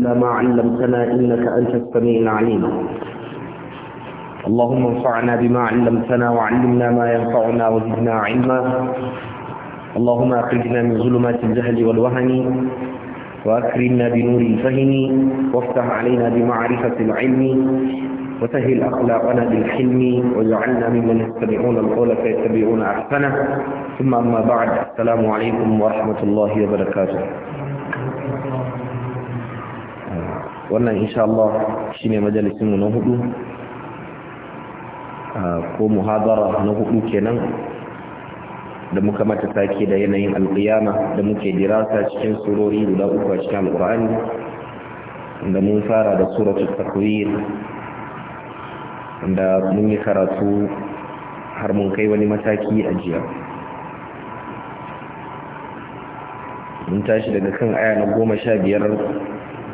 ما علمتنا إنك أنت السميع العليم اللهم انفعنا بما علمتنا وعلمنا ما ينفعنا وزدنا علما اللهم أخرجنا من ظلمات الجهل والوهن وأكرمنا بنور الفهم وافتح علينا بمعرفة العلم وسهل أخلاقنا بالحلم واجعلنا ممن يستمعون القول فيتبعون أحسنه ثم أما بعد السلام عليكم ورحمة الله وبركاته wannan insha Allah shine majalisin mu na hudu ko muhabara na hudu kenan da muka mata sake da yanayin alƙiyama da muke dirasa cikin surori guda uku a cikin alƙur'ani da mun fara da suratul takwir da mun yi karatu har mun kai wani mataki a jiya mun tashi daga kan aya na goma sha biyar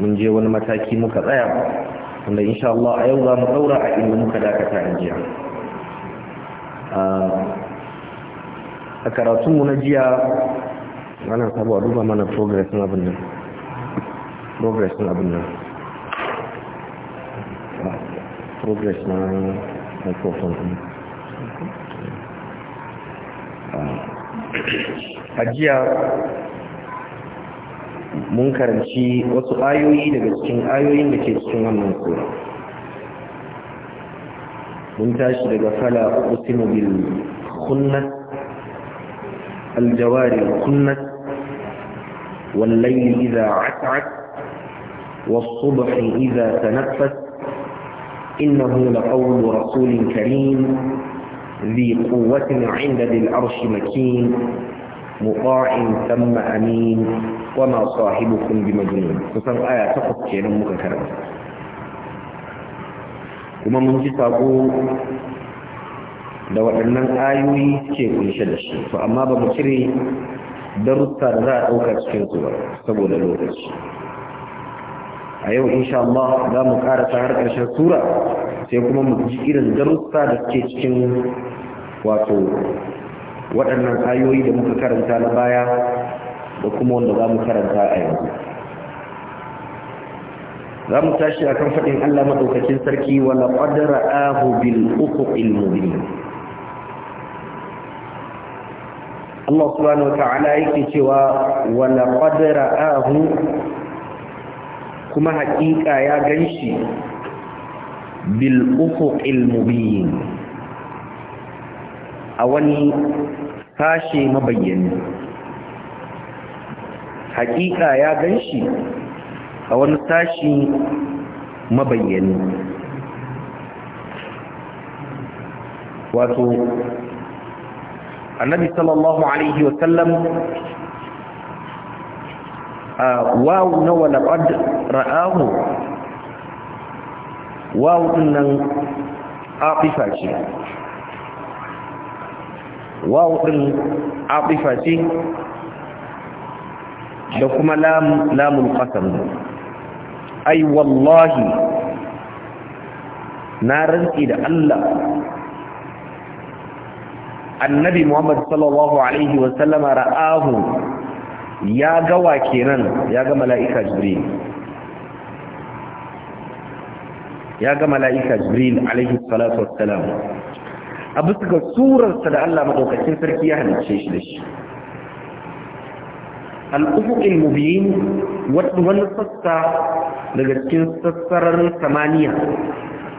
mun je wani mataki muka tsaya wanda insha Allah a yau za mu daura a inda muka dakata a jiya a karatunmu na jiya ana sabuwa duba mana progress na abin nan progress na abin nan progress na microphone ɗin a jiya mun karanci wasu ayoyi daga cikin ayoyin da ke cikin wannan sura mun tashi daga fala uqsimu bil khunnat al jawari al khunnat wal layli idha at'at was subhi idha tanaffas innahu laqawlu rasulin karim ذي قوة عند ذي العرش مكين مطاع ثم أمين wama ma sahibukum bi majnun kusan aya takwas kenan muka karanta kuma mun ji sako da waɗannan ayoyi ke kunshe da shi to amma ba mu cire darussa da za a ɗauka cikin su ba saboda lokaci a yau insha Allah za mu ƙara har ƙarshen sura sai kuma mu ji irin darussa da suke cikin wato waɗannan ayoyi da muka karanta na baya da kuma wanda za mu karanta a yanzu za mu tashi a kan faɗin Allah maɗaukacin sarki wala ƙwadara ahu bil ufuqil mubin Allah subhanahu wa ta'ala yake cewa wala ƙwadara ahu kuma haƙiƙa ya ganshi bil ufuqil mubin a wani sashe mabayyani hakika ya ganshi a wani sashi mabayyani wato annabi sallallahu alaihi wasallam wawu na walaɓad ra'ahu wawu nan afifa ce wawu ɗin afifa ce da kuma lamun qasam ai wallahi na rantsi da Allah annabi Muhammad sallallahu alaihi wa sallama ra'ahu ya gawa kenan ya ga mala'ika jibril ya ga mala'ika jibril alaihi salatu wassalam a bisa ga surarsa da Allah madaukakin sarki ya halicce shi da shi الأفق المبين واتوان سسا لغتين سسر الثمانية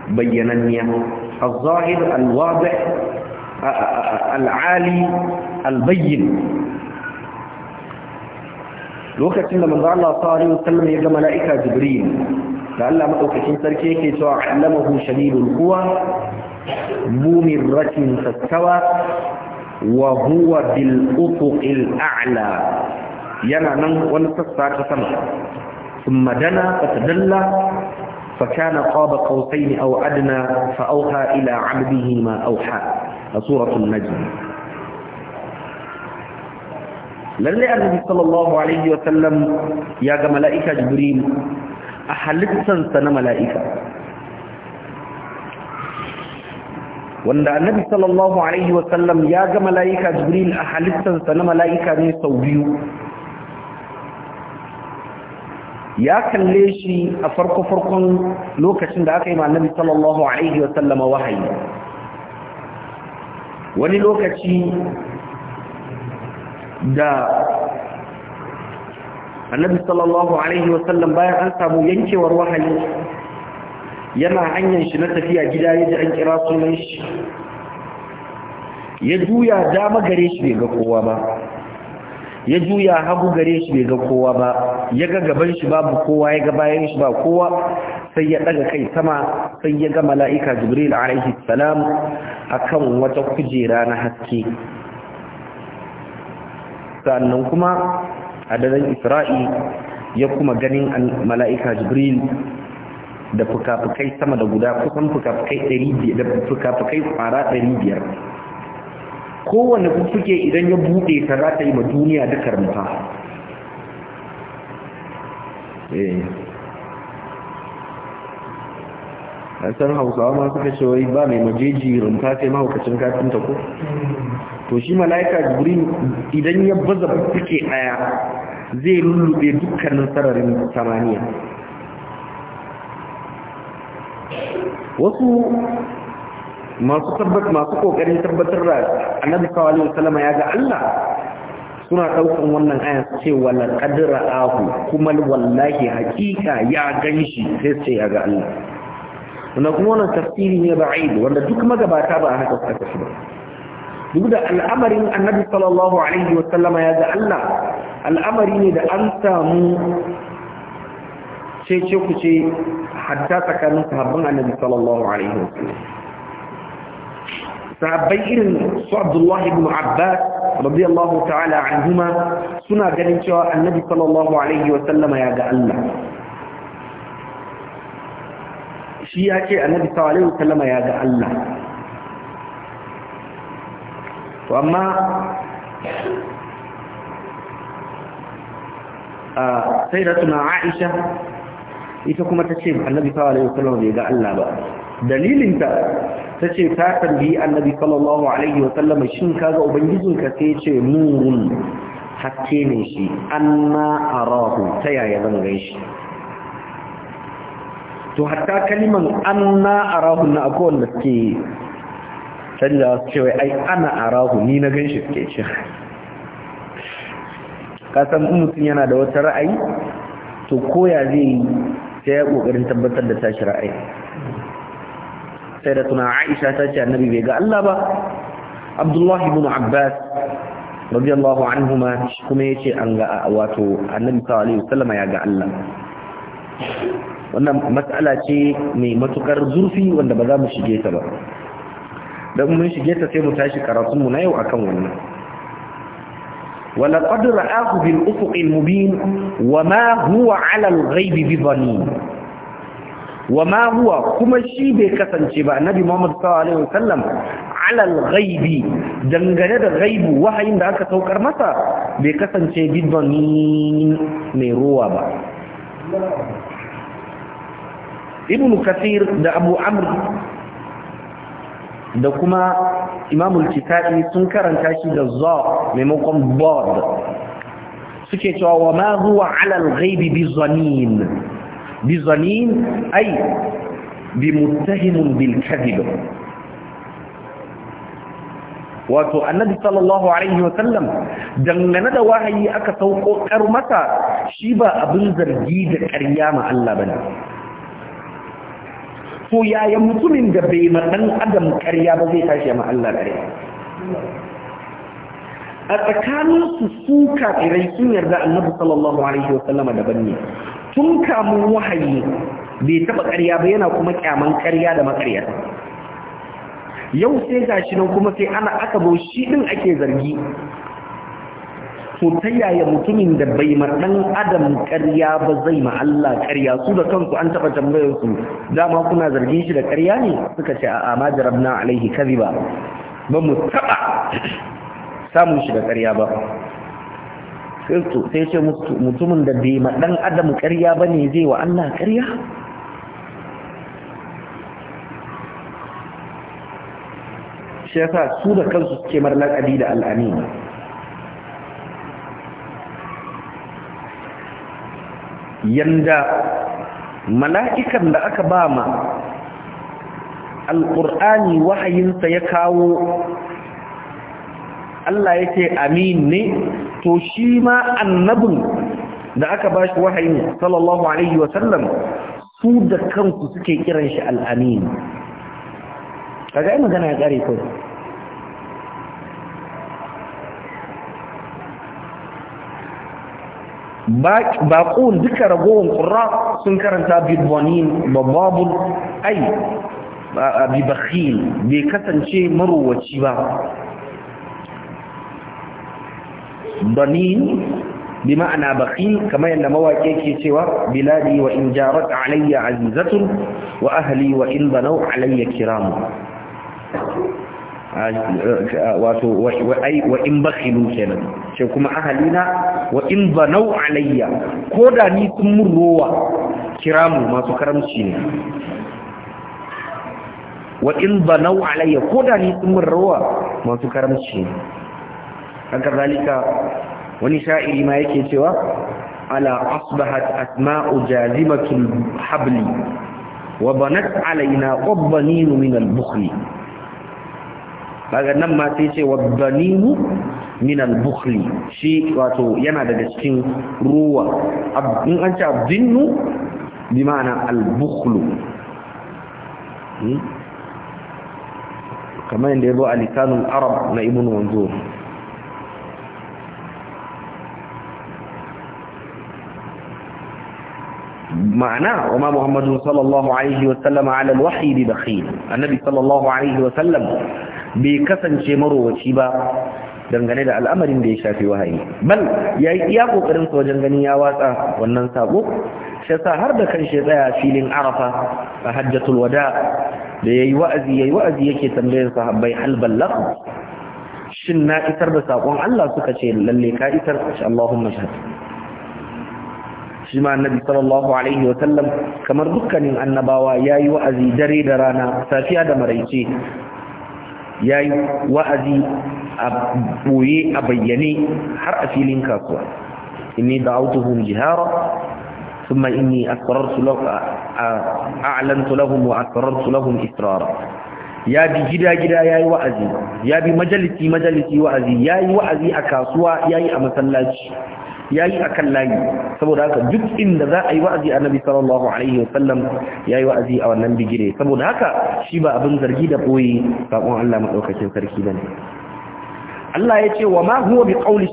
بيانانيا الظاهر الواضح العالي البين لو إن من الله صلى الله عليه وسلم يجب ملائكة جبريل لألا مؤكسين تركيك تعلمه شديد القوى بمرة فاستوى وهو بالأفق الأعلى yana nan wani sassa ta sama ثم دنا فتدلى فكان قاب قوسين أو أدنى فأوحى إلى عبده ما أوحى سورة النجم lalle annabi sallallahu alaihi wa sallam ya ga mala'ika jibril a halittan sa na mala'ika wanda annabi sallallahu alaihi wa sallam ya ga mala'ika jibril a halittan sa na mala'ika ne sau biyu ya kalle shi a farko-farkon lokacin da aka yi annabi sallallahu alaihi wa sallama wahayi wani lokaci da annabi sallallahu alaihi wa sallam bayan an samu yankewar wahayi yana hanyar shi na tafiya gida ya ji an kira sunan shi ya juya dama gare shi bai ga kowa ba ya juya hagu gare shi bai ga kowa ba ya ga gaban shi babu kowa ya ga bayan shi ba kowa sai ya daga kai sama sai ya ga mala'ika jibril alaihi salam akan wata kujera na haske sannan kuma a daren isra'i ya kuma ganin mala'ika jibril da fuka-fukai sama da guda kusan fuka-fukai 500 kowane kuke idan ya buɗe ta za ta yi ma duniya da karnuka a san hausawa ma suka ce wai ba mai majeji runta sai mahaukacin kafinta ko to shi mala'ika guri idan ya baza suke ɗaya zai lullube dukkanin sararin samaniya wasu masu tabbat masu kokarin tabbatar da annabi sallallahu alaihi wasallam ya ga Allah suna daukan wannan ayan cewa qadra ahu kuma wallahi hakika ya ganshi sai sai ya ga Allah wannan kuma wannan tafsiri ne ba'id wanda duk magabata ba haka suka tafi duk da al'amarin annabi sallallahu alaihi wasallam ya ga Allah al'amari ne da an samu sai ce ku ce hatta tsakanin sahabban annabi sallallahu alaihi wasallam sahabbai irin su Abdullahi ibn Abbas radiyallahu ta'ala anhuma suna ganin cewa Annabi sallallahu alaihi wa sallama ya ga Allah shi ya ce Annabi sallallahu alaihi ya ga Allah to amma a sayyidatuna Aisha ita kuma ta ce Annabi sallallahu alaihi wa sallama bai ga Allah ba dalilinta ta ce ta tambayi annabi sallallahu alaihi wa sallama shin kaga ubangijinka sai ce nurun hakke ne shi anna arahu ta yaya zan gan shi to hatta kaliman anna arahu na akwai wanda suke canza su cewa ai ana arahu ni na gan shi suke ce kasan mutum yana da wata ra'ayi to koya zai yi sai ya kokarin tabbatar da tashi ra'ayi sai da tuna aisha ta ce annabi bai ga Allah ba abdullah ibn abbas radiyallahu anhuma kuma yace an ga wato annabi sallallahu alaihi ya ga Allah wannan matsala ce mai matukar zurfi wanda ba za mu shige ta ba dan mun shige ta sai mu tashi karatunmu na yau akan wannan wala qad ra'ahu bil ufuq al mubin wa ma huwa ala al ghaib bi wa ma huwa kuma shi bai kasance ba annabi Muhammad sallallahu alaihi wasallam alal ghaibi dangane da ghaibu wahayin da aka saukar masa bai kasance bidani mai ruwa ba ibn kathir da abu amr da kuma imam al sun karanta shi da za maimakon bod suke cewa wa ma huwa alal ghaibi bizanin بظنين أي بمتهم بالكذب wato annabi sallallahu alaihi wa sallam dangane da wahayi aka sauko kar masa shi ba abin zargi da ƙarya ma Allah bane to yaya mutumin da bai ma dan adam ƙarya ba zai tashi ma Allah ƙarya a tsakanin su su kafirai sun yarda annabi sallallahu alaihi wa sallama daban ne tun kamu wahayi bai taba ƙarya ba yana kuma kyaman ƙarya da maƙarya yau sai gashi nan kuma sai ana aka zo shi din ake zargi to ta yaya mutumin da bai ma dan adam ƙarya ba zai ma Allah ƙarya su da kanku an taba tambayar dama kuna zargin shi da ƙarya ne suka ce a'a ma jarabna alaihi kadhiba ba mu taba samun shi da ƙarya ba kirtu sai ce mutumin da bai ma dan adam ƙarya bane zai wa Allah ƙarya shi yasa su da kansu suke mar laƙabi da al'amin yanda mala'ikan da aka ba ma alƙur'ani wahayinsa ya kawo Allah yake amin ne to shi ma annabin da aka ba bashi wahayin sallallahu alaihi wa su da kanku suke kiran shi al'amin kaga ina gana ya kare duka ragowar ƙura sun karanta bidwanin babbabul ai bakhil bai kasance marowaci ba banin bi ma'ana baki kamar yadda mawaƙi ke cewa biladi wa in jarat alayya azizatun wa ahli wa in banaw alayya kiramu wato wa in bakhilu kenan ce kuma ahalina wa in banau alayya ko da ni sun mun rowa kiramu masu karamci ne wa in banau alayya ko da ni sun mun rowa masu karamci ne haka zalika wani sha'iri ma yake cewa ala asbahat asma'u jazibatul habli wa banat alaina qabbaninu min al-bukhli kaga nan ma sai ce wabbanimu min al-bukhli shi wato yana daga cikin ruwa in an ce abdinnu bi ma'ana al-bukhlu kamar yadda ya zo a lisanul arab na ibnu manzur ma'ana wa ma muhammadu sallallahu alaihi wa sallam ala alwahyi bi annabi bai kasance marobaci ba dangane da al'amarin da ya shafi wahayi bal ya iya kokarin sa wajen ganin ya watsa wannan sako shi yasa har da kan shi tsaya filin arafa a hajjatul wada da yayi wa'azi yayi wa'azi yake tambayar sahabbai hal ballagh shin na isar da sakon Allah suka ce lalle ka isar shi Allahumma shahid shi ma annabi sallallahu alaihi wa sallam kamar dukkanin annabawa yayi wa'azi dare da rana safiya da maraice yayi wa'azi a boye a bayyane har a filin kasuwa inni da'awtuhum jihara a إني أسررت لهم Ya bi gida-gida, ya yi wa'azi. Ya bi majalisi-majalisi, wa'azi. Ya yi wa'azi a kasuwa, ya yi a masallaci. yayi akan layi saboda haka duk inda za a yi wa'azi annabi sallallahu alaihi wasallam yayi wa'azi a wannan bigire saboda haka shi ba abin zargi da boye sakon Allah madaukakin sarki bane Allah ya ce wa ma huwa bi qawli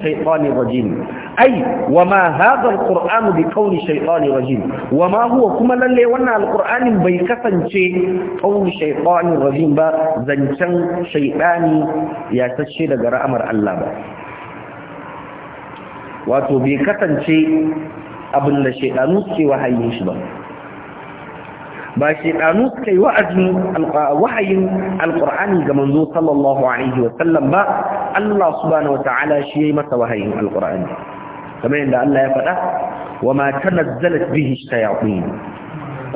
rajim ai wa ma hadha alqur'anu bi qawli shaytanir rajim wa ma huwa kuma lalle wannan alqur'anin bai kasance qawli shaytanir rajim ba zancan shaytani ya tace daga ra'amar Allah ba wato bai kasance abin da shaidanu suke wahayin shi ba ba shaidanu suka yi alkur'ani ga manzo sallallahu alaihi wasallam ba Allah subhanahu wata'ala shi ya yi masa wahayin alkur'ani kamar yadda Allah ya faɗa wa ma tanazzalat bihi shayatin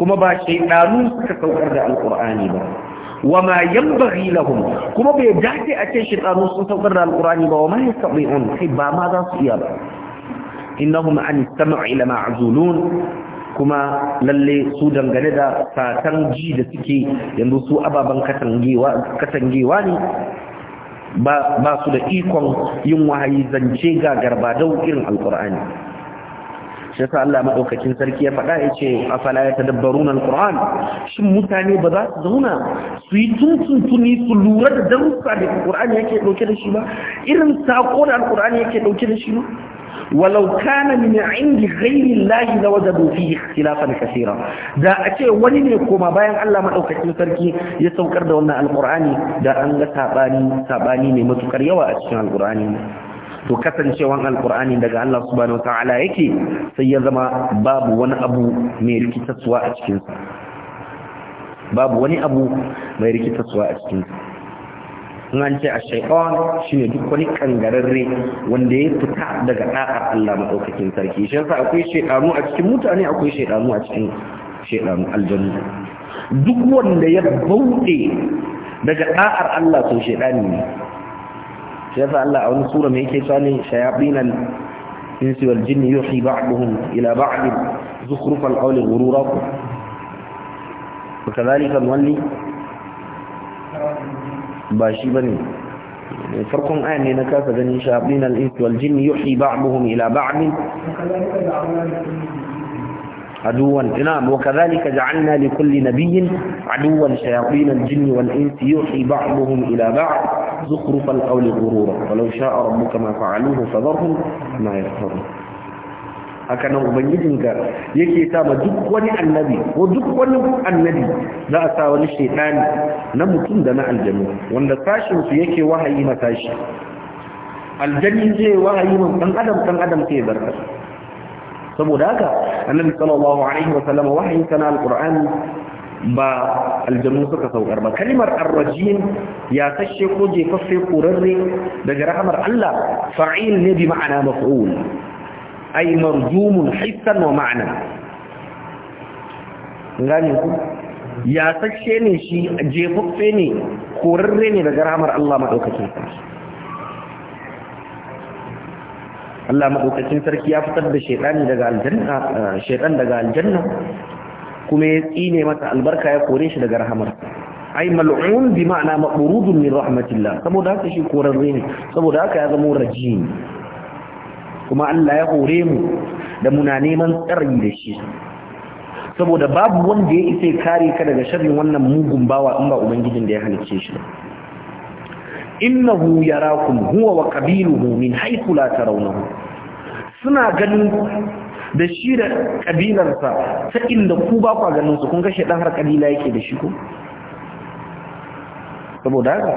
kuma ba shaidanu suka saukar da alkur'ani ba wa ma yanbaghi lahum kuma bai dace a ce shaytanu sun saukar da alqur'ani ba wa ma yastabi'un kai ba ma za su iya ba innahum an istama'i lama azulun kuma lalle su dangane da satan ji da suke yanzu su ababen katangewa ne ba su da ikon yin wahayi zance ga garbadau irin alkur'ani shi yasa Allah madaukakin sarki ya faɗa yace afala yatadabbaruna alquran shin mutane ba za su zauna su yi tuntuntuni su lura da darussa da alqur'ani yake dauke da shi ba irin sako da alqur'ani yake dauke da shi ba a كان من عند da الله لوجدوا فيه اختلافا كثيرا da ce wani ne koma bayan Allah madaukakin sarki ya saukar da wannan alqur'ani da an ga sabani sabani ne matukar yawa a cikin alqur'ani to kasancewan alkur'ani daga Allah subhanahu ta'ala yake sai ya zama babu wani abu mai rikitaswa a cikin sa babu wani abu mai rikitaswa a cikin sa an ce a shaitan shine duk wani kangararre wanda ya fita daga da'ar Allah madaukakin sarki shi yasa akwai shaidanu a cikin mutane akwai shaidanu a cikin shaitanu aljanna duk wanda ya bauɗe daga da'ar Allah to shaitani ne shi yasa Allah a wani sura mai yake cewa ne shayabinan insi wal jinni yuhi ba'dhum ila ba'd zukhruf al qawli ghurura wa kadhalika walli ba shi bane eh, farkon ayan ne na kasa ganin shayabinan insi wal jinni yuhi ba'dhum ila ba'd عدوا نعم وكذلك جعلنا لكل نبي عدوا شياطين الجن والإنس يوحي بعضهم إلى بعض زخرف القول غرورا ولو شاء ربك ما فعلوه فذرهم ما يفترون haka nan ubangijinka yake sa ma duk wani annabi ko duk wani annabi za a sa wani shaitani na mutum da na aljanu wanda sashin su yake wahayi na sashi aljani zai wahayi man dan adam dan adam sai barka saboda haka annabi sallallahu alaihi wa sallam wahayin sana alqur'ani ba aljannu suka saukar ba kalimar arrajim ya kashe ko jefaffe kurarre daga rahamar Allah fa'il ne bi ma'ana maf'ul ay marjumun hissan wa ma'ana ngani ku ya kashe ne shi jefaffe ne kurarre ne daga rahamar Allah madaukakin sarki Allah maɗaukacin sarki ya fitar da shaytani daga aljanna daga aljanna kuma ya tsine masa albarka ya kore shi daga rahamar ai mal'un bi ma'ana maqrudun min rahmatillah saboda haka shi korarre ne saboda haka ya zama rajim kuma Allah ya hore mu da muna neman tsari da shi saboda babu wanda ya isa kare ka daga sharrin wannan mugun bawa in ba ubangijin da ya halicce shi innahu yarakum huwa wa qabiluhu min haythu la tarawnahu suna ganin da shi da ƙabilarsa ta inda ku ba kwa ganinsu, kun kashe shedan har kabila yake da shi ko saboda haka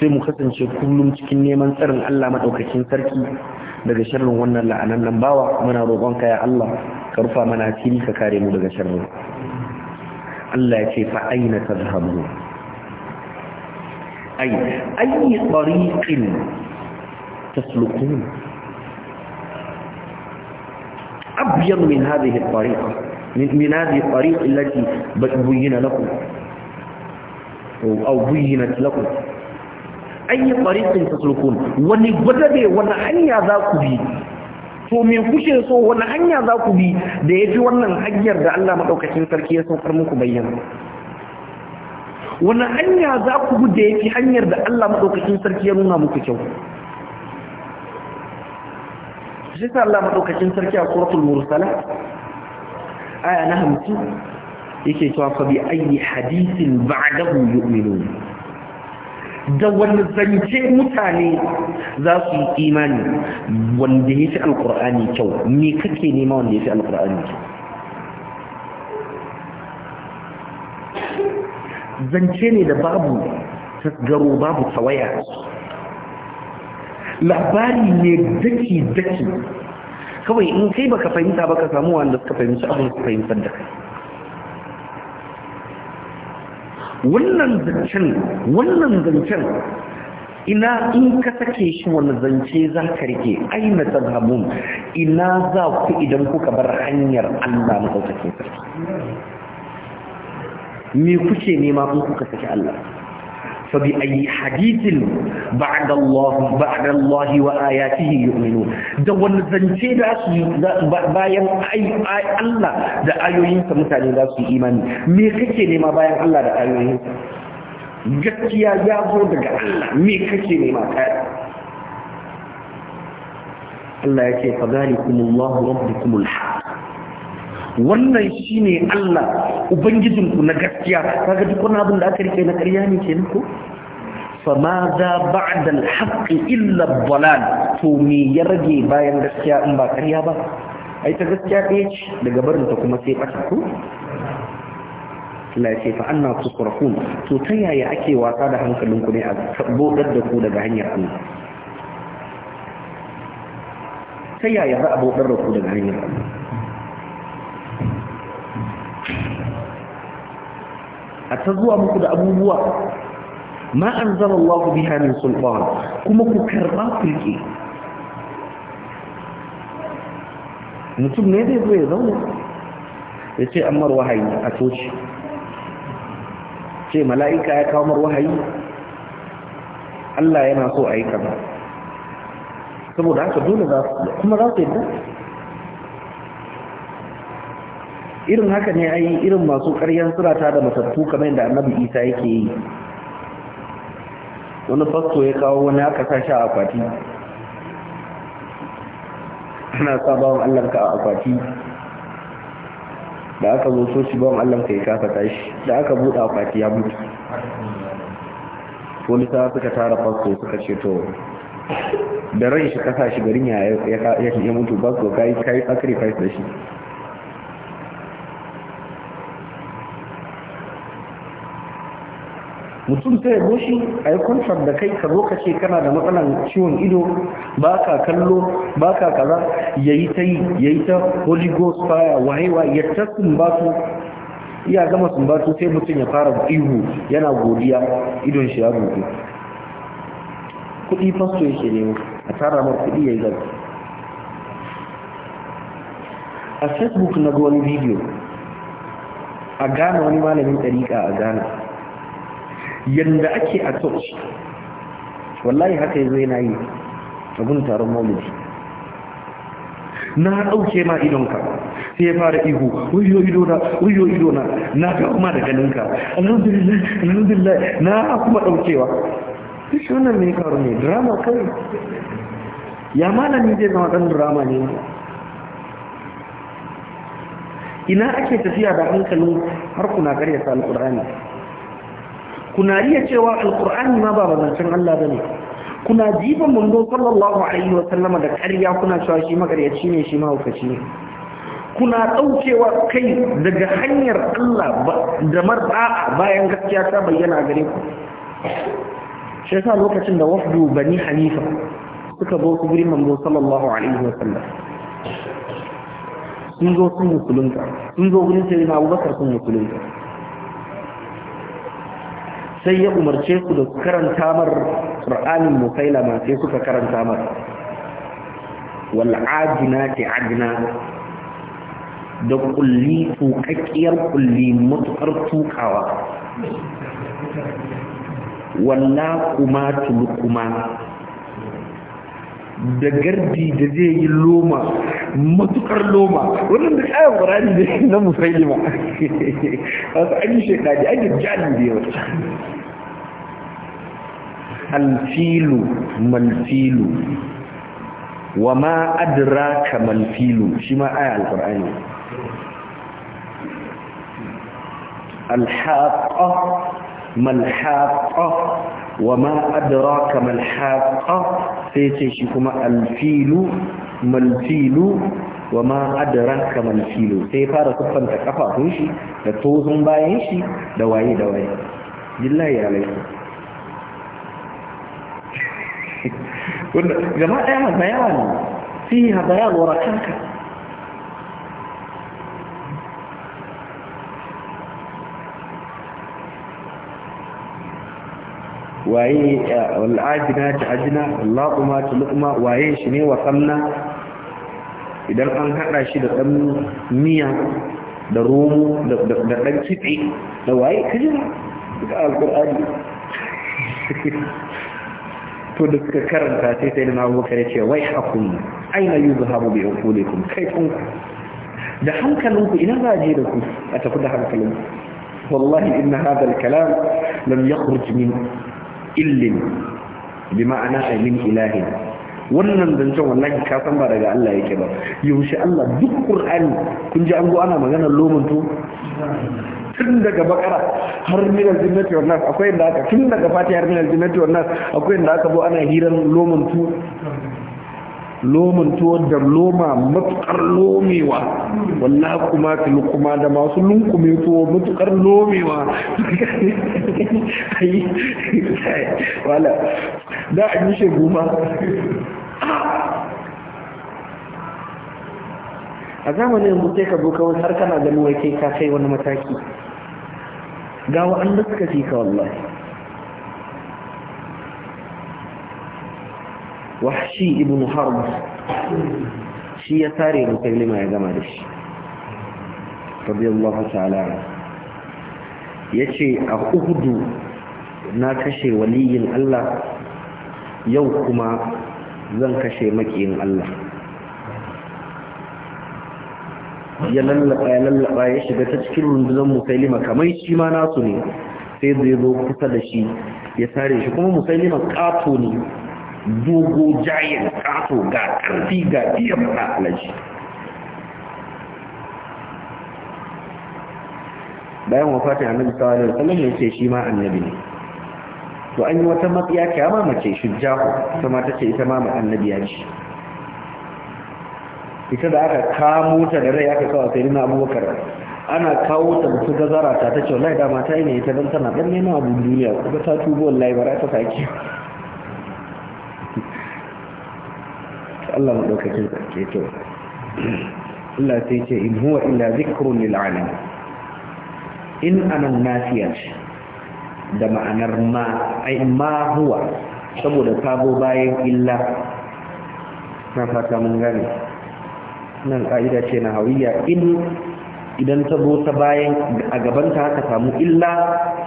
sai mu kasance kullum cikin neman tsarin Allah madaukakin sarki daga sharrin wannan la'anan nan bawa muna roƙonka ya Allah ka rufa mana fili, ka kare mu daga sharrin Allah ya ce fa aina tadhhabu ay ayi tariqin taslukun أبيض من هذه الطريقة من هذه الطريقة التي بيّن لكم أو بيّنت لكم أي طريق تسلكون ونبدأ ونحن ذاك بي to me kushe so wani hanya za ku bi da ya fi wannan hanyar da Allah maɗaukacin sarki ya saukar muku bayyana wani hanya za ku bi da ya fi hanyar da Allah maɗaukacin sarki ya nuna muku kyau shi sa Allah madaukakin sarki a suratul mursala aya na 50 yake cewa fa bi ayi hadithin ba'dahu yu'minun da wani zance mutane za su yi imani wanda ya fi alkur'ani kyau me kake nema wanda ya fi alkur'ani kyau zance ne da babu tasgaro babu tawaya labari ne daki daki kawai in kai baka fahimta baka samu wanda suka fahimci abin su fahimtar da kai wannan zancen wannan zancen ina in ka sake shi wani zance za ka rike aina tazhabun ina za ku idan kuka bar hanyar Allah na ɗaukake sarki me kuke nema in kuka saki Allah فبأي حديث بعد الله بعد الله وآياته يؤمنون ده والزنجي ده أي أي الله ده آيوين سمتاني ده في إيمان ميكي لما باين الله ده آيوين gaskiya ya zo daga Allah me kake nema kai Allah yake الله ربكم الحق wannan shine Allah ubangijin ku na gaskiya kaga duk wani abin da aka rike na ƙarya ne kenan ko fa ma za ba'da al-haqq illa ad to me ya rage bayan gaskiya in ba ƙarya ba ai ta gaskiya ɗaya ce daga barin ta kuma sai ɓata ku la ya ce fa anna tusrafun to ta yaya ake wasa da hankalinku ne a bodar da ku daga hanyar Allah ta yaya za a bautar da ku daga hanyar Allah a ta zuwa muku da abubuwa ma an zara Allah biha min sultan kuma ku karba kulki mutum ne zai zo ya zauna ya ce an mar wahayi a toshi ce mala'ika ya kawo mar wahayi Allah yana so a yi kaza saboda haka dole za su kuma za su yi irin haka ne ai irin masu ƙaryan surata da matattu kamar yadda annabi isa yake yi wani fasto ya kawo wani aka sa shi a akwati ana sa bawan allah ka a akwati da aka zo so shi bawan allah ka ya kafa tashi da aka buɗe akwati ya mutu wani sa suka tara fasto suka ce to da rai shi kasa shi garin ya mutu fasto kai yi sacrifice da shi mutum ta yabo shi a yi kwantar da kai ka zo ka ce kana da matsalan ciwon ido ba ka kallo ba ka kaza ya yi ta yi ya yi ta holy ghost fire wahewa ya ta sumbatu iya gama sumbatu sai mutum ya fara ihu yana godiya idon shi ya buɗe kuɗi fasto yake nemo a tara mar kuɗi ya yi zarfi a facebook na ga wani bidiyo a gane wani malamin ɗariƙa a ghana yanda ake a church wallahi haka yanzu yana yi abin taron maulidi na ɗauke ma idonka sai ya fara ihu wuyo idona wuyo idona na ka kuma da ganinka alhamdulillah alhamdulillah na kuma ɗaukewa duk wannan mai karu ne drama kai ya malami zai zama ɗan drama ne ina ake tafiya da hankalin harkuna kuna karyata alƙur'ani kuna iya cewa alkur'ani ma ba mazancin Allah ba ne. kuna jifan manzo sallallahu alaihi wa sallama da ƙarya kuna cewa shi makaryaci ne shi mahaukaci ne kuna ɗaukewa kai daga hanyar Allah da mar'a bayan gaskiya ta bayyana gare ku shi yasa lokacin da wafdu bani hanifa suka zo su gurin manzo sallallahu alaihi wa sallam sun zo sun musulunta sun zo gurin sayyidina abubakar sun musulunta sai ya umarce su da karanta mar qur'anin musailama sai suka karanta mar wal ajinati ajna da kulli tukakkiyar kulli matuƙar tukawa walla kuma tulukuma da gardi da zai yi loma matukar loma wannan da kayan ƙwararri ne na musailima wasu an yi shekari an yi jani da yawa alfilu malfilu wa ma adraka malfilu shi ma aya alƙwararri alhaƙa malhaƙa wa ma adraka mal haqa sai ce shi kuma alfilu malfilu wa ma adraka mal filu sai fara siffanta kafafun shi da tozun bayan shi da waye da waye billahi alaihi wannan gaba daya hazayan fi hazayan warakanka waye al'adina ta ajina laƙuma ta lu'uma waye shi ne wa samna idan an haɗa shi da ɗan miya da romo da ɗan kitse da waye ka jira ga alƙur'ani to da suka karanta sai sai da na abubakar ya ce wai hakun aina yi zuhabu bai yankulikun kai kun da hankalinku ina za a je da ku a tafi da hankalinku wallahi inna hadha al-kalam lam yakhruj min illin bi ma'ana a min ilahin wannan zancen wallahi ka san ba daga Allah yake ba yaushe Allah duk Qur'ani kun ji an go ana magana to tun daga bakara har minal jinnati wan nas akwai inda aka tun daga fatiha har minal jinnati wan nas akwai inda aka bo ana hiran to lomin tuwon da loma matukar lomewa walla kuma kuma da masu lunkume tuwo matukar lomewa wala da an yi shegu ma a zamanin yanzu sai ka zo kawai har da ganin wai kai ka kai wani mataki gawa an da suka fi ka wallahi wahshi ibn harb shi ya tare musailima ya gama da shi radiyallahu ta'ala yace a uhudu na kashe waliyin Allah yau kuma zan kashe makiyin Allah ya lallaba ya lallaba ya shiga ta cikin rundunar musailima kamar shi ma nasu ne sai zai zo kusa da shi ya sare shi kuma musailima kato ne dogo jayin kaso ga karfi ga iya fada alaji shi bayan wafatin annabi tsawon yau wasallam ya ce shi ma annabi ne to an yi wata matsiya kyama mace shujjahu ita ma ta ce ita ma annabi ya ce ita da aka kamo ta da rai aka kawo sai na abubakar ana kawo ta da su gazara ta ta ce wallahi da mata ne ita don tana dan neman abun duniya kuma ta tubo wallahi ba ta sake Allah madaukakin sarki to Allah sai ce in huwa illa zikrun lil alamin in anan nafiya da ma'anar ma ai ma huwa saboda sabo bayan illa na fata mun gane nan ka'ida ce na hawiya in idan ta zo ta bayan a gaban ta samu illa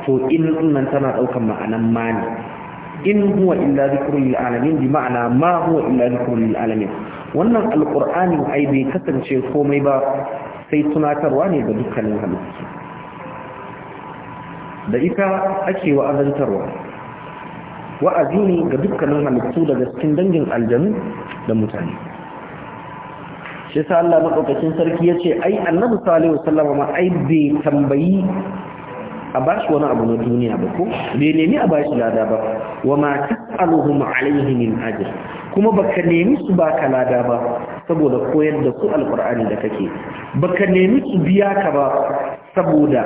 to in nan tana ɗaukan ma'anan mani in huwa illa zikrun lil alamin bi ma'ana ma huwa illa zikrun lil alamin wannan alqur'ani ai bai kasance komai ba sai tunatarwa ne ga dukkanin halittu da ita ake wa'azantarwa wa'azi ne ga dukkanin halittu daga cikin dangin aljanu da mutane shi sa Allah madaukakin sarki yace ai annabi sallallahu alaihi ma ai bai tambayi a bashi wani abu na duniya ba ko bai nemi a bashi lada ba wa ma tas'aluhum alayhi min ajr kuma baka nemi su baka lada ba saboda koyar da su alqur'ani da kake baka nemi su biya ka ba saboda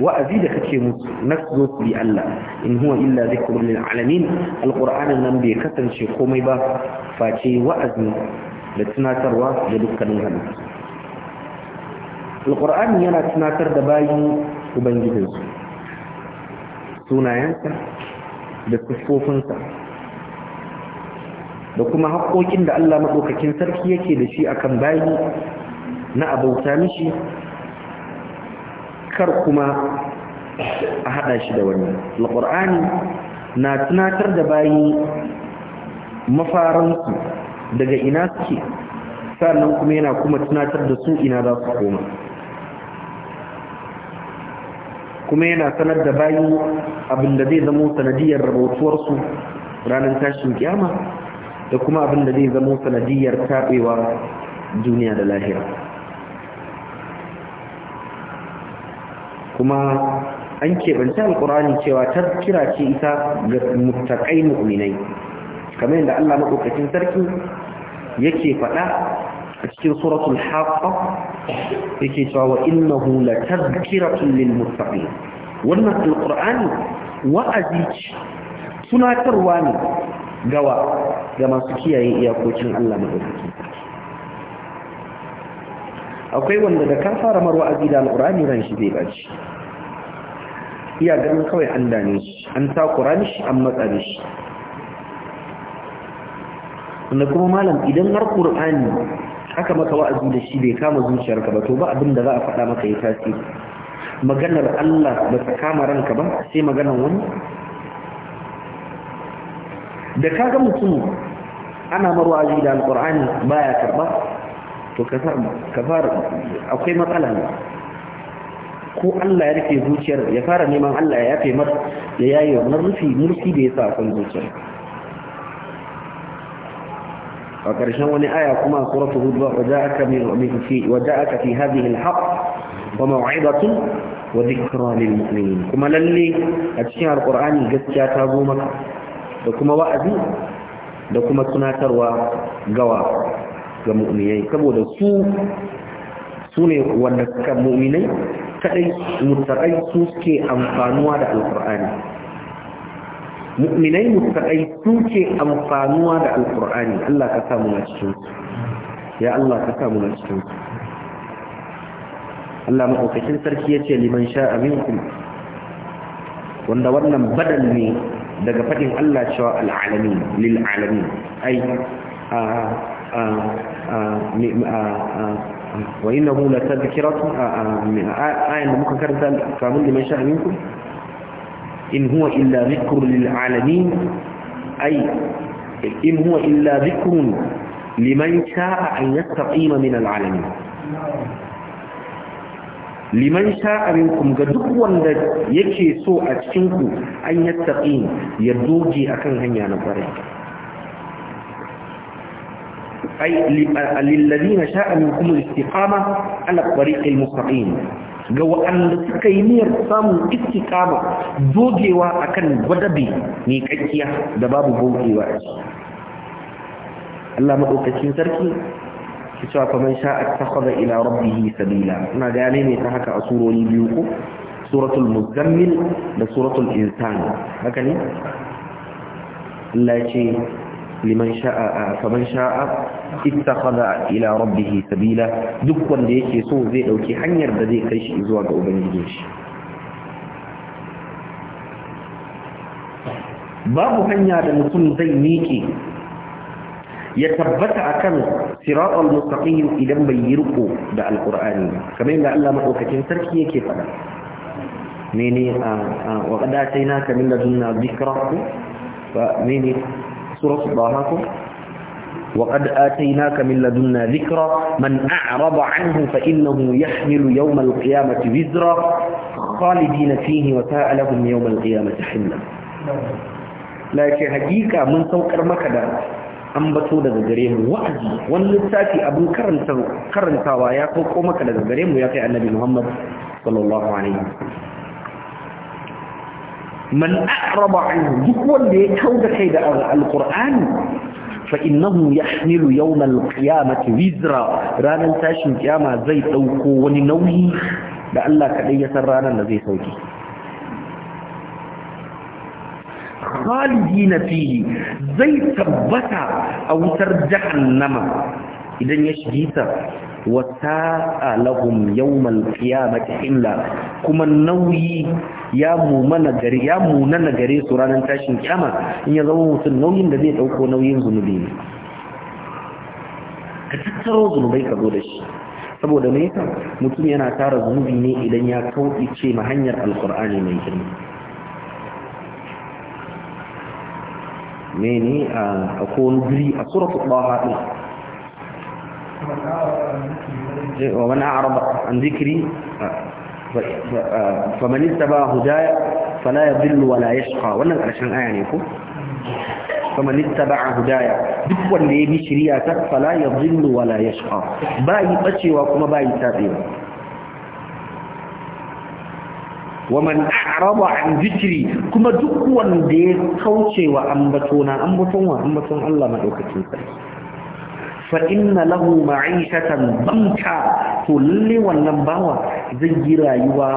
wa'azi da kake musu nasu bi Allah in huwa illa zikrun lil alamin alqur'anin nan bai kasance komai ba face wa'azi da tunatarwa da dukkanin halittu alƙur'ani yana tunatar da bayi ubangijinsu sunayensa da siffofinsa da kuma haƙoƙin da Allah maɗaukakin sarki yake da shi a kan bayi na abauta mishi kar kuma a haɗa shi da wani alƙur'ani na tunatar da bayi mafaransu daga ina suke sannan kuma yana kuma tunatar da su ina za su koma kuma yana sanar da bayi abin da zai zamo sanadiyar rabotuwarsu ranar tashin kiyama da kuma abin da zai zamo sanadiyar taɓewa duniya da lahira kuma an keɓanci alƙur'ani cewa kira ce ita ga mutakai mu'minai kamar yadda Allah maɗaukacin sarki yake faɗa a cikin suratul haqqa yake cewa wa innahu latazkiratun lil muttaqin wannan alqur'ani wa'azi ce tunatarwa ne gawa ga masu kiyaye iyakokin Allah madaukaki akwai wanda da ka fara mar wa'azi da alqur'ani ran shi zai bace. iya ganin kawai an dane shi an takura shi, an matsa shi. wanda kuma malam idan har ƙur'ani aka maka wa'azi da shi bai kama zuciyarka ba to ba abin da za a faɗa maka ya tasiri maganar Allah ba ta kama ranka ba sai maganar wani da ka ga mutum ana marwazi da alƙur'ani baya karɓa to ka fara akwai matsala ne ko Allah ya rufe zuciyar ya fara neman Allah ya yafe mar ya yayi wannan rufi murfi da ya kan zuciyar a ƙarshen wani aya kuma suratu hud wa ja'aka min fi wa ja'aka fi hadhihi al-haq wa maw'izatun wa dhikra lil mu'minin kuma lalle a cikin alqur'ani gaskiya ta zo maka da kuma wa'azi da kuma tunatarwa gawa ga mu'minai saboda su su wanda suka mu'minai kadai mutakai su suke amfanuwa da alqur'ani mu'minai mutakai suke amfanuwa da alkur'ani Allah ka samu na cikin ya Allah ka samu na cikin Allah maɗaukakin sarki ya ce liman sha aminkum wanda wannan badal ne daga faɗin Allah cewa al'alami lil'alami ai wa innahu la tadhkiratun ayan da muka karanta kamun liman sha aminkum إن هو إلا ذكر للعالمين أي إن هو إلا ذكر لمن شاء أن يستقيم من العالمين liman sha'a minkum ga duk wanda yake so a cikin ku an yattaqi ya doge akan hanya na bare ay lil ladina sha'a minkum ga waɗanda suka yi niyyar samun zogewa a akan gwadabe mai kakkiya da babu gogewa a Allah maɗaukacin sarki ki cewa fa man sha'a takhadha ila yi sabila ina gane ne ta haka a surori biyu ko suratul muzammil da suratul Insani, haka ne Allah ce لمن شاء فمن شاء اتخذ الى ربه سبيلا دك وندي يكي زي او كي حنير بدي كيش او دا اوبنجيش باب حنيا دا زي ميكي يتبت اكن صراط المستقيم الى من يرقو دا القران كما ان الله مو كتين تركي يكي فدا ميني آه, آه، وقد اتيناك من لدنا ذكرى فميني تذكر صباحكم وقد آتيناك من لدنا ذكرى من أعرض عنه فإنه يحمل يوم القيامة وزرا خالدين فيه وساء لهم يوم القيامة حملا لكن حقيقة من سوكر مكدا أم بطولة ذريم وعدي والنساتي أبو كرن سوايا كوكو مكدا ذريم ويقع النبي محمد صلى الله عليه وسلم man aqraba anhu duk wanda ya kauda kai da alqur'ani fa innahu yahmilu yawm alqiyamati wizra ranan tashin kiyama zai dauko wani nauyi da Allah kadai ya san ranan da zai sauki khalidina fihi zai tabbata a wutar jahannama idan ya shige ta wa sa'a lahum yawmal qiyamati illa kuma nauyi ya mumana gare ya munana gare su ranar tashin kiyama in ya zama mutum nauyin da zai dauko nauyin zunubi ne ka tattaro zunubai ka zo da shi saboda me yasa mutum yana tara zunubi ne idan ya kauce ma hanyar alqur'ani mai girma mene a akwai guri a suratul baha ومن أعرض عن ذكري فمن اتبع هدايا فلا يضل ولا يشقى wannan karshen aya ne ko faman ittaba'a hudaya duk wanda ya bi shari'a ta fala yadhillu wala yashqa ba yi bacewa kuma ba yi tabewa waman a'rada an zikri kuma duk wanda ya kaucewa ambatona Allah madaukakin sarki fa inna lahu ma'ishatan banka to lalle wannan bawa zai yi rayuwa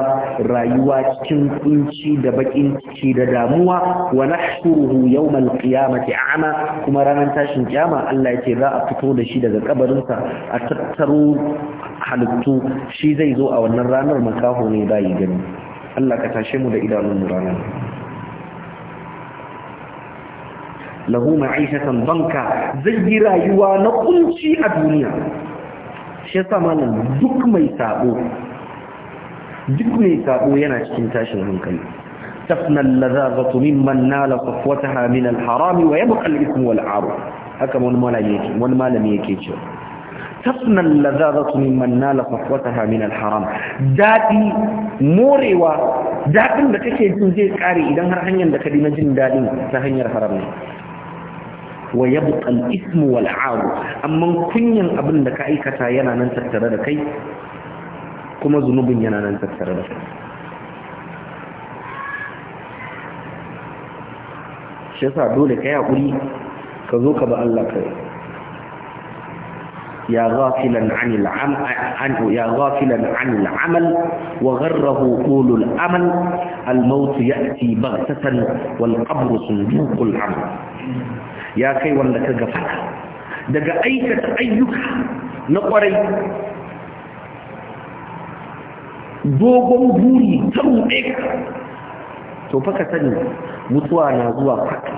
rayuwa cikin kunci da bakin ciki da damuwa wa nahshuruhu yawmal qiyamati a'ma kuma ranar tashin kiyama Allah yake za a fito da shi daga ƙabarinsa, a tattaro halittu shi zai zo a wannan ranar makaho ne bai gani Allah ka tashe mu da idanun ranar lahu ma'ishatan banka zai yi rayuwa na kunci a duniya shi yasa malam duk mai sabo duk mai sabo yana cikin tashin hankali tafna al-ladhazatu mimman nala safwataha min al-harami wa yabqa al-ithmu wal-'aru haka wani malami yake wani malami yake cewa tafna al-ladhazatu mimman nala safwataha min al-haram dadi morewa dadin da kake jin zai kare idan har hanyar da ka dina jin dadin ta hanyar haram ne wa yabqa ismu ithm wal amma kunyan abin da ka aikata yana nan tattare da kai kuma zunubin yana nan tattare da kai shi yasa dole kai hakuri ka zo ka ba Allah kai ya ghafilan anil amal ya ghafilan anil amal wa gharrahu qulul amal al maut ya'ti baghtatan wal qabr sunduqul amal ya kai wanda ka gafa daga aikata ayyuka na kwarai dogon buri ta ruɗe ka to fa sani mutuwa na zuwa faka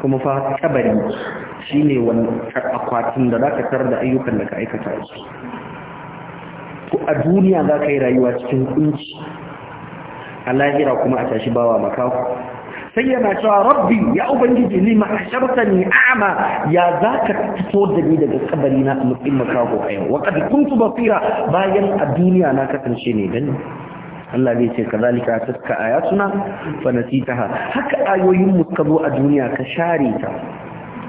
kuma fa kabari shi ne wani akwatin da za ka tar da ayyukan da ka aikata su ko a duniya za ka yi rayuwa cikin kunci a lahira kuma a tashi bawa makaku sai yana cewa rabbi ya ubangiji ni ma'asharta ni ya za ka fito da ni daga kabari na matsayin makaho a yau wa kuntu basira bayan a duniya na kasance ne gani Allah zai ce ka zalika aya, suna fa nasitaha haka ayoyin mu ka zo a duniya ka share ta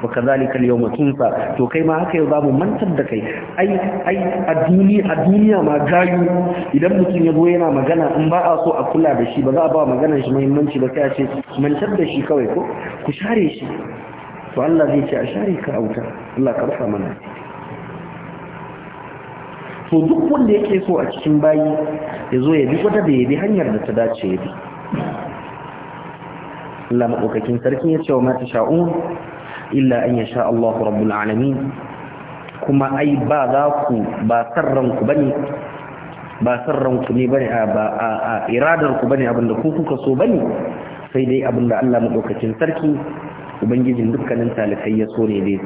wa kazalika al-yawma tunsa to kai ma haka yau zamu mantar da kai ai ai a duniya a duniya ma gayu idan mutum ya zo yana magana in ba a so a kula da shi ba za a ba maganar shi muhimmanci ba sai a ce mantar da shi kawai ko ku share shi to Allah zai ce a share ka auta Allah ka rufa mana to duk wanda yake so a cikin bayi ya zo ya bi wata da ya bi hanyar da ta dace ya bi Allah maɗaukakin sarki ya ce wa mata sha'un illa an yasha Allahu rabbul alamin kuma ai ba za ku ba bane ba ku ne bane a a iradar ku bane abinda ku kuka so bane sai dai abinda Allah madaukakin sarki ubangijin dukkanin talikai ya so ne dai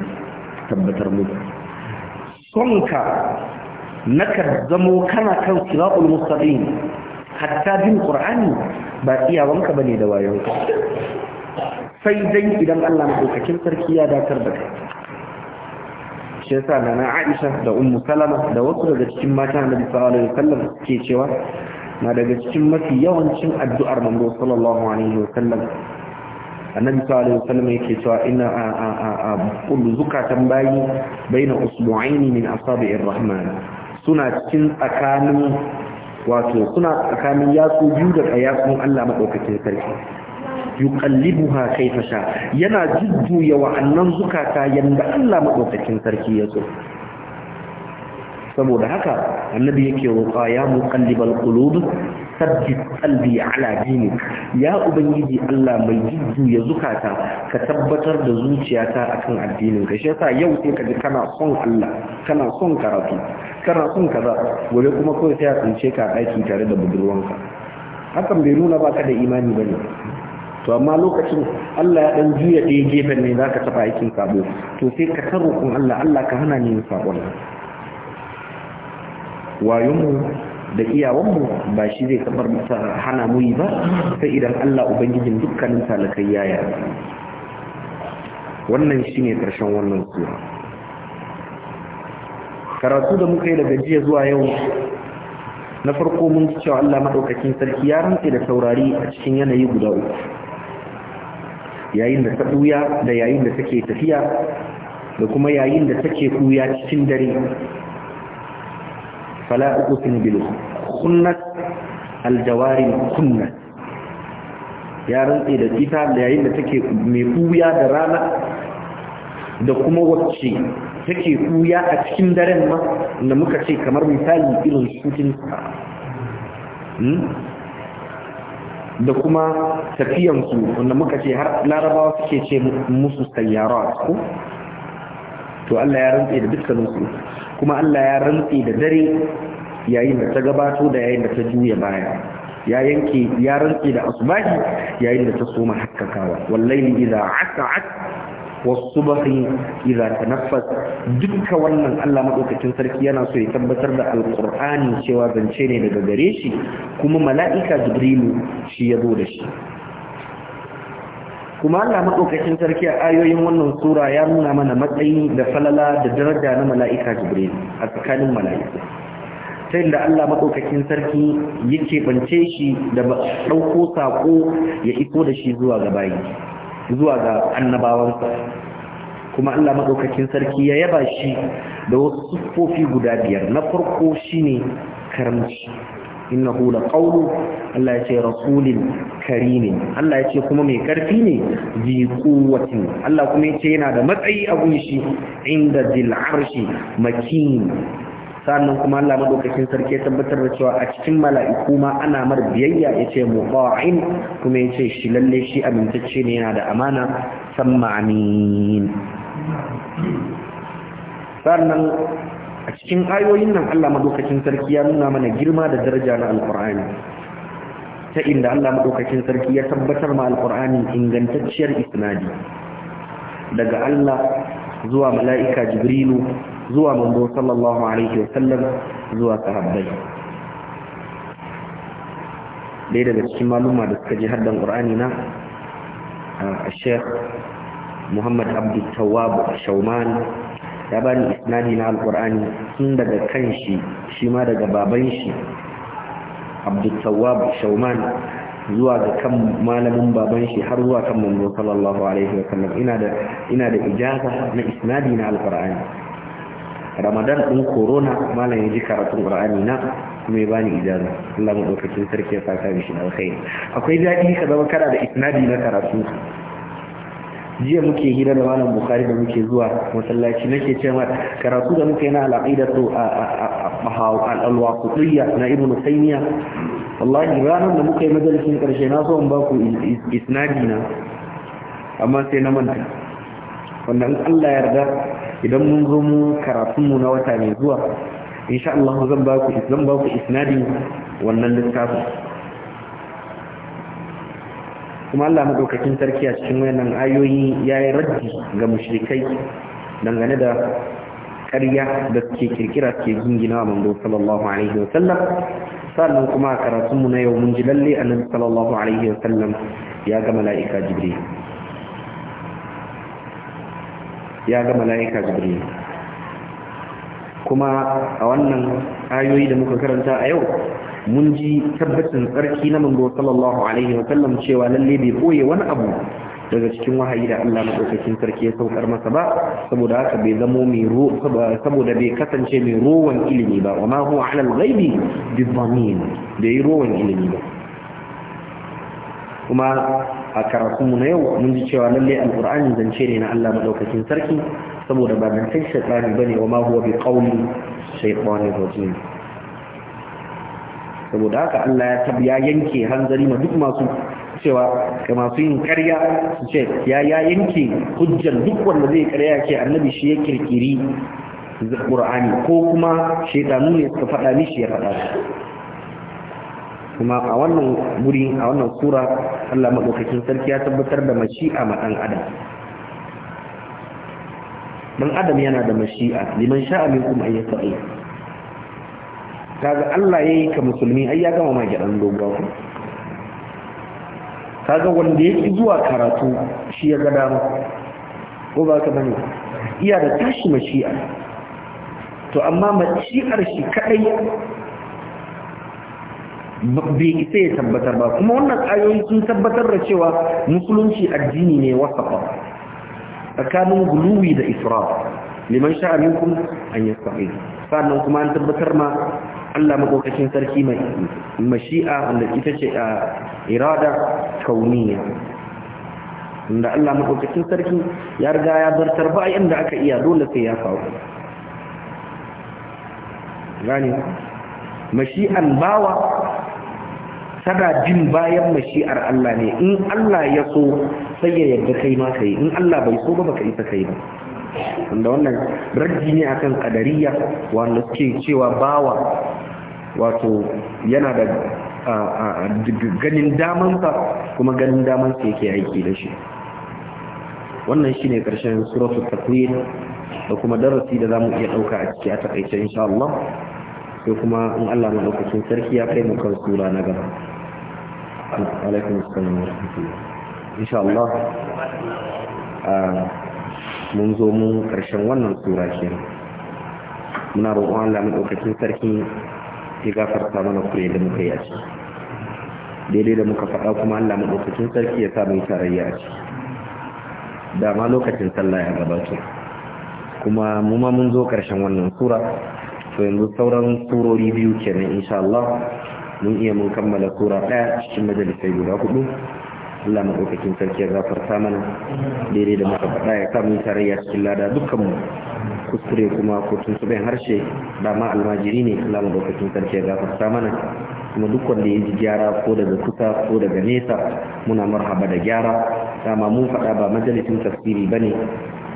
tabbatar mu sonka naka zamo kana kan siratul mustaqim hatta bin qur'ani ba iyawanka bane da wayonka sai dai idan Allah madaukakin sarki ya dakar da kai shi yasa da na Aisha da Ummu Salama da wasu daga cikin mata Annabi sallallahu alaihi wasallam ke cewa na daga cikin mafi yawancin addu'ar manzo sallallahu alaihi wasallam annabi sallallahu alaihi wasallam yake cewa ina a a a a kullu zukatan bayi baina usbu'aini min asabi'ir rahman suna cikin tsakanin wato suna tsakanin yatsu biyu da yatsun Allah madaukakin sarki yuqallibuha kaifa sha yana jujjuya wa'annan zukata yanda Allah madaukakin sarki ya so saboda haka annabi yake roƙa ya muqallibal qulub sabbit qalbi ala dinik ya ubangiji Allah mai jujjuya zukata ka tabbatar da zuciyata akan addinin ka shi yau sai ka ji kana son Allah kana son karatu kana son kaza gobe kuma kawai sai a tsince ka aiki tare da budurwanka hakan bai nuna baka da imani bane to amma lokacin Allah ya dan juya ɗaya gefen ne za ka taɓa aikin sabo to sai ka ta kun Allah Allah ka hana ni yin sabon nan wayonmu da iyawanmu ba shi zai kamar masa hana mu yi ba sai idan Allah ubangijin dukkanin talakai ya yi wannan shi ne ƙarshen wannan sura karatu da muka yi daga jiya zuwa yau na farko mun cewa Allah maɗaukakin sarki ya rantse da taurari a cikin yanayi guda uku yayin da ta ɓuya da yayin da take tafiya da kuma yayin da take ɓuya cikin dare fala uku bil khunnat kunnat aljawarin, khunnat ya rantse da ita da yayin da take mai ɓuya da rana da kuma wacce take ɓuya a cikin daren ma da muka ce kamar misali irin shooting da kuma tafiyansu wanda muka ce har larabawa suke ce musu sayyara ko to Allah ya rantse da dukkaninsu kuma Allah ya rantse da dare yayin da ta gabato da yayin da ta juya baya ya yanke ya rantse da asubahi yayin da ta soma hakkakawa wallahi idza as'at والصبح إذا تنفس duka wannan Allah madaukakin sarki yana so ya tabbatar da alqur'ani cewa zance ne daga gare shi kuma mala'ika jibrilu shi ya zo da shi kuma Allah madaukakin sarki a ayoyin wannan sura ya nuna mana matsayi da falala da daraja na mala'ika jibrilu a tsakanin mala'ika ta yadda Allah maɗaukakin sarki ya keɓance shi da ɗauko saƙo ya iso da shi zuwa ga bayi zuwa ga annabawansa kuma Allah maɗaukakin sarki ya yaba shi da wasu siffofi guda biyar na farko shine karamci innahu laqawlu Allah ya ce rasulin karimin Allah ya ce kuma mai karfi ne bi quwwatin Allah kuma ya ce yana da matsayi a gunshi inda zil arshi makin sannan kuma Allah madaukakin sarki ya tabbatar da cewa a cikin mala'iku ma ana mar biyayya yace muqa'in kuma yace shi lalle shi amintacce ne yana da amana samma amin sannan a cikin ayoyin nan Allah madaukakin sarki ya nuna mana girma da daraja na alqur'ani ta inda Allah madaukakin sarki ya tabbatar ma alqur'ani ingantacciyar isnadi daga Allah zuwa mala'ika jibrilu zuwa manzo sallallahu alaihi wasallam zuwa sahabbai dai daga cikin maluma da suka ji haddan ƙur'ani na a sheikh muhammad abdul shauman ya bani isnadi na Alƙur'ani? tun daga kan shi shi ma daga baban shi abdul shauman zuwa ga kan malamin baban shi har zuwa kan manzo sallallahu alaihi wa sallam ina da ina da ijaza na isnadi na alqur'ani ramadan din corona malam ya ji karatun qur'ani na kuma ya bani ijaza Allah mu daukakin sarki ya saka mishi da alkhairi akwai dadi ka zama kana da isnadi na karatu jiya muke hira da malam bukhari da muke zuwa masallaci nake cewa karatu da muke na al-aqidatu al-waqidiyya na ibnu taymiya wallahi ranar da muka yi majalisin karshe na so in ba ku isnadi na amma sai na manta wanda Allah Allah yarda idan mun zo mu karatun mu na wata mai zuwa insha Allah zan ba ku zan ba ku isnadin wannan littafin kuma Allah madaukakin sarki a cikin wayannan ayoyi yayi raddi ga mushrikai dangane da ƙarya da suke kirkira suke gingina wa manzo sallallahu alaihi wa sallam sannan kuma a karatunmu na yau mun ji lalle a nan, sallallahu alaihi wa sallam ya ga mala'ika jibril ya ga mala'ika jibril kuma a wannan ayoyi da muka karanta a yau mun ji tabbacin tsarki na manzo sallallahu alaihi wa sallam cewa lalle bai koye wani abu daga cikin wahayi da Allah madaukakin sarki ya saukar masa ba saboda haka bai zamo mai ro saboda bai kasance mai rowan ilimi ba wa ma huwa ala al-ghaibi bi dhamin bai rowan ilimi ba kuma a karatunmu na yau mun ji cewa lallai alkur'ani zance ne na Allah madaukakin sarki saboda ba zancen shaitani bane wa ma huwa bi qawli shaytani rajim saboda haka Allah ya tab ya yanke hanzari ma duk masu cewa ga masu yin karya su ce ya ya yanke hujjar duk wanda zai karya ke annabi shi ya kirkiri qur'ani ko kuma shaitanu ne suka faɗa mishi ya faɗa shi kuma a wannan guri a wannan sura Allah madaukakin sarki ya tabbatar da mashi'a ma dan adam dan adam yana da mashi'a liman sha'a minkum ay yata'i kaga Allah yayi ka musulmi ai ya gama ma gidan dogon kaga wanda ya zuwa karatu shi ya ga dama ko ba ka bane iya da tashi mashi'a to amma mashi'ar shi kadai bai isa ya tabbatar ba kuma wannan ayoyi sun tabbatar da cewa musulunci addini ne wasafa tsakanin guluwi da isra liman sha'a minkum an yastaqim sannan kuma an tabbatar ma Allah makokacin sarki mai mashi'a wanda ita ce a ah, irada kauniya inda Allah makokacin sarki ya riga ya zartar ba yanda aka iya dole sai ya faru gani mashi'an bawa tana jin bayan mashi'ar Allah ne in Allah ya so sai ya yarda kai ma kai in Allah bai so ba baka isa kai ba wanda wannan raddi ne akan kadariya wanda suke cewa bawa wato yana da ganin damansa kuma ganin damansa yake aiki da shi wannan shine karshen suratul takwir da kuma darasi da zamu iya dauka a ciki a takaice insha Allah sai kuma in Allah madaukakin sarki ya kai mu sura na gaba alaikum assalam wa rahmatullah insha Allah mun zo mun karshen wannan sura kenan muna roƙon Allah madaukakin sarki ya gafarta mana kure da muka yi a ciki daidai da muka faɗa kuma Allah madaukakin sarki ya sa mu tarayya a ciki dama lokacin sallah ya gabato kuma mu ma mun zo karshen wannan sura to yanzu sauran surori biyu kenan insha Allah mun iya mun kammala sura ɗaya cikin majalisai guda hudu Allah maɗaukakin sarki ya gafarta mana daidai da muka faɗa ya kamun tarayya cikin lada dukkanmu kuskure kuma ko tun su bayan harshe ma almajiri ne Allah maɗaukakin sarki ya gafarta mana kuma duk wanda ya ji gyara ko daga kusa ko daga nesa muna marhaba da gyara dama mun faɗa ba majalisin tafsiri ba ne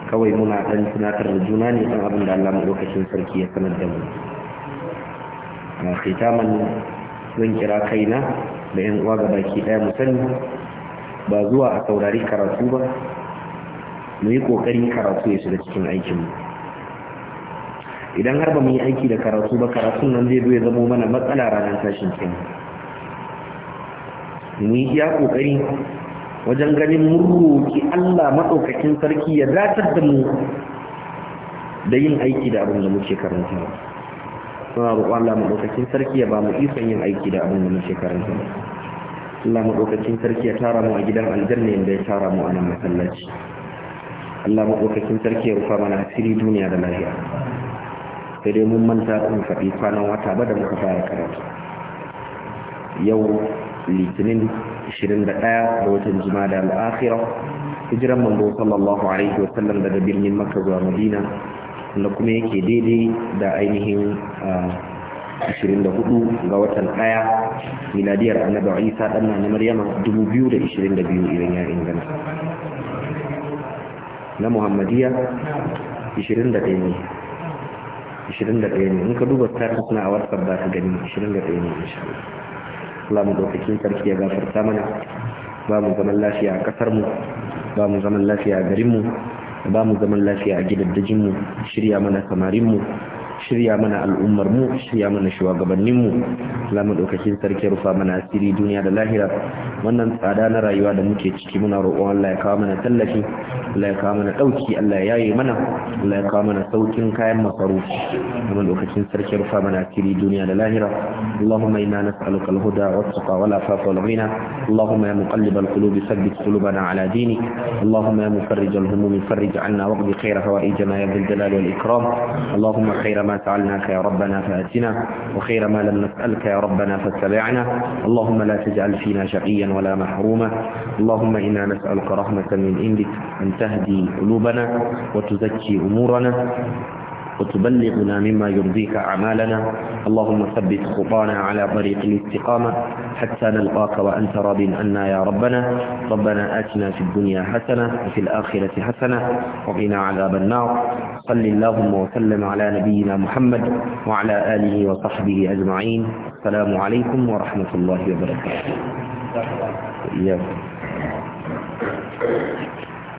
kawai muna ɗan tunatar da juna ne ɗan abin da Allah maɗaukakin sarki ya sanar da mu. Khitaman zan kira kaina da 'yan uwa ga ki ɗaya mu ba zuwa a saurari karatu ba mu yi ƙoƙarin karatu ya shiga cikin aikinmu idan har ba mu yi aiki da karatu ba karatun nan zai ya zama mana matsala ranar tashin kin mu yi iya ƙoƙari wajen ganin mun Allah maɗaukakin sarki ya zatar da mu da yin aiki da abin da muke karanta suna roƙon Allah maɗaukakin sarki ya ba mu ikon yin aiki da abin da muke karanta Allah maɗaukakin sarki ya tara mu a gidan aljanna yadda ya tara mu a nan masallaci Allah maɗaukakin sarki ya rufa mana asiri duniya da lafiya sai dai mun manta in faɗi kwanan wata ba da muka fara karatu yau litinin 21 ga watan jumada al'akhira hijiran manzo sallallahu alaihi wa sallam daga birnin makka zuwa madina wanda kuma yake daidai da ainihin ah, 24 ga watan aya, miladiyar annabi isa ɗan na maryama 2022 idan ya inganta na muhammadiya 21 ne 21 ne in ka duba ta na a whatsapp ba ta gani 21 ne insha Allah mu dokokin sarki ya gafarta mana ba mu zaman lafiya a kasar mu ba mu zaman lafiya a garin mu ba mu zaman lafiya a gidaddajin mu shirya mana samarinmu. mu shirya mana al'ummar mu shirya mana shugabannin mu Allah madaukakin sarki rufa mana asiri duniya da lahira wannan tsada na rayuwa da muke ciki muna roƙon Allah ya kawo mana tallafi Allah ya kawo mana dauki Allah ya yaye mana Allah ya kawo mana saukin kayan masarufi Allah madaukakin sarki rufa mana asiri duniya da lahira Allahumma inna nas'aluka al-huda wat-taqa wal-afafa wal-ghina Allahumma ya muqallib al-qulub thabbit qulubana ala dinik Allahumma ya mufarrij al-humum farrij 'anna waqdi khayra hawaijana ya dhal jalali wal ikram Allahumma khayra ما سألناك يا ربنا فأتنا وخير ما لم نسألك يا ربنا فاتبعنا اللهم لا تجعل فينا شقيا ولا محروما اللهم إنا نسألك رحمة من عندك أن تهدي قلوبنا وتزكي أمورنا وتبلغنا مما يرضيك أعمالنا اللهم ثبت خطانا على طريق الاستقامة حتى نلقاك وأنت راض عنا يا ربنا ربنا آتنا في الدنيا حسنة وفي الآخرة حسنة وقنا عذاب النار صل اللهم وسلم على نبينا محمد وعلى آله وصحبه أجمعين السلام عليكم ورحمة الله وبركاته إياكم